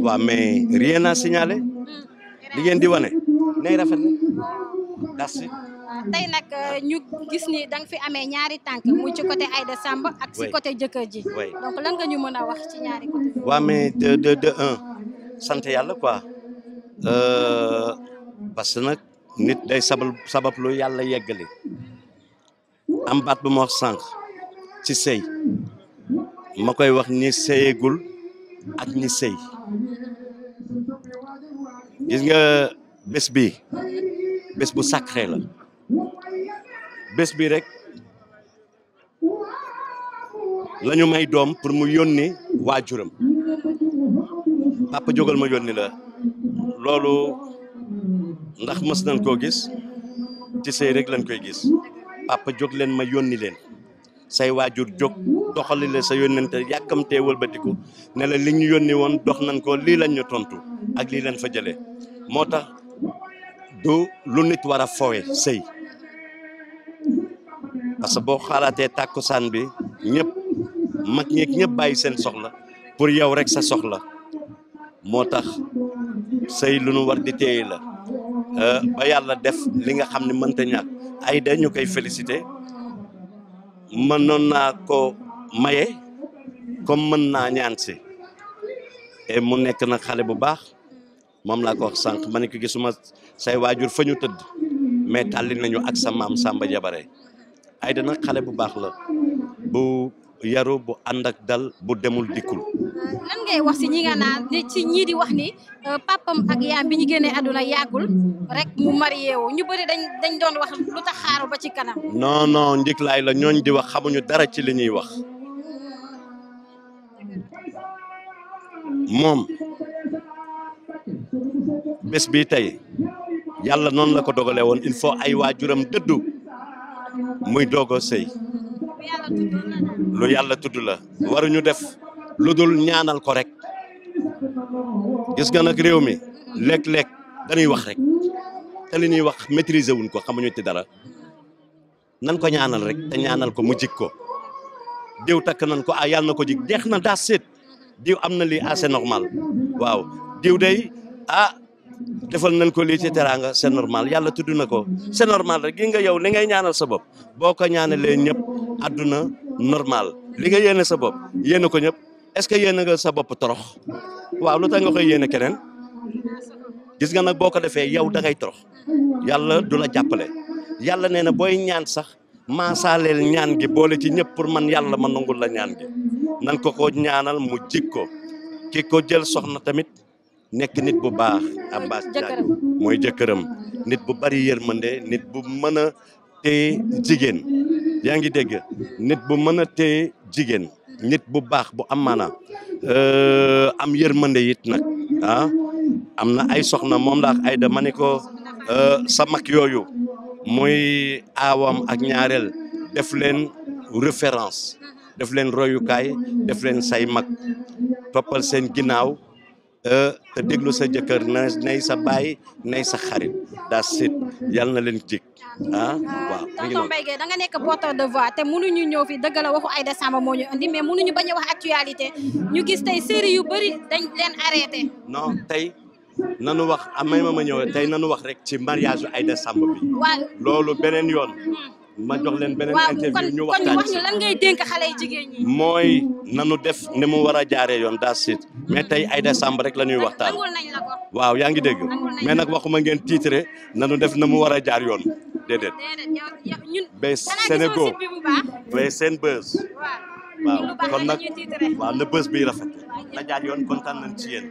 waa mais rien à signaler mm, li ngeen di wane nay na tey nag euh, ñu gis ni da nga fi amee ñaari tànk mu ci côté Aïda Samb ak si côté jëkkër ji donc lan nga ñu mën wax ci ñaari côté waaw mais de de de un sant yàlla quoi euh, parce que nag nit day sabab sabab lu yàlla yeggali am baat bu ma ci sëy ma koy wax ni sëyeegul ak ñi sëy gis nga bés bi bés bu sacré la bés bi rek la may doom pour mu yónni waajuram papa jógal ma yónni la loolu ndax mës nañ koo gis ci sëy rek lañ koy gis papa jóg leen ma yónni leen say waajur jóg doxali la sa yónnante yàkkamtee wëlbatiku ne la li ñu yónni woon dox nañ ko lii lañ ñu tontu ak lii lañ fa jëlee moo tax du lu nit war a fowe sëy parce que boo xalaatee tàkkusaan bi ñëpp mag ñeeg ñëpp bàyyi seen soxla pour yow rek sa soxla moo tax sëy lu nu war di téye la euh, ba yàlla def li nga xam ne mënta ñàkk ay da ñu koy félicité mënoon naa ko maye comme mën naa ñaan si et mu nekk na xale bu baax moom laa ko wax sànq ma ne ko gisuma say waajur fa ñu tëdd mais tàlli nañu ak sa maam Samba Jabare Aïda nag xale bu baax la bu yaru bu ànd ak dal bu demul dikkul. lan ngay wax si ñi nga naan ci ñii di wax ni Euh, papam ak yaam bi ñu génnee àdduna yàggul rek mu marié ñu bëri dañ doon wax lu tax xaaru ba ci kanam. non non la ñooñ di wax xamuñu dara ci li ñuy wax moom bés bi tey yàlla noon la ko dogalee woon il faut ay waajuram dëddu muy doog a sëy lu yàlla tudd la waruñu def lu dul ñaanal ko rek. gis nga nag réew mi léeg-léeg dañuy wax rek te li ñuy wax maîtriser wuñ ko xamuñu ci dara nan ko ñaanal rek te ñaanal ko mu jig ko diw takk nan ko ah yàlla na ko jig deex na daa seet diw am na lii assez ah, normal waaw diw day ah defal nan ko lii ci teraanga c'est normal yàlla tudd na ko c'est normal rek gi nga yow li ngay ñaanal sa bopp boo ko ñaanalee ñëpp àdduna normal li nga yéene sa bopp yéene ko ñëpp est-ce que yéen a nga sa bopp torox waaw lu tax nga koy yéene keneen gis nga nag boo ko defee yow da ngay torox yàlla du la jàppale yàlla nee na booy ñaan sax maasaaleel ñaan gi boole ci ñëpp pour man yàlla ma nangul la ñaan gi nan ko ko ñaanal mu jik ko ki ko jël soxna tamit nekk nit bu baax Abbas Diagne mooy jëkkëram nit bu bari yërmande nit bu mën a téye jigéen yaa ngi dégg nit bu mën a téye jigéen nit bu baax bu am maanaa euh, am yërmande mandeyit nag ah am na ay soxna moom la ay da ma ni ko euh, sa mag yooyu muy aawam ak ñaareel def leen référence def leen royukaay def leen say mag toppal seen ginnaaw Euh, te déglu sa jëkkër na nay sa baay nay sa xarit daa sit na leen jig ah waaw. tonton Mbaye Gueye da nga nekk porteur de voix te mënuñu ñëw fi dëgg a waxu Aïda Samba moo ñu indi mais mënuñu bañ a wax actualité ñu gis tey série yu bëri dañ leen arrêté. non tey nanu wax am ah, may ma ma ñëw tey nanu wax rek ci mariage Aïda Samba bi. waaw loolu beneen yoon. Hmm. ma jox leen beneen interview ñu waxtaan ñu lan ngay dénk xale mooy nanu def ni mu war a jaaree yoon daasit sit mais tey Aïda Samb rek la ñuy waxtaan waaw yaa ngi dégg mais nag waxuma ngeen titre nanu def na mu war a jaar yoon déedéet ba Sénégal ba seen bës waaw kon nag waaw na bës bi rafet na jaar yoon kontaan nañ ci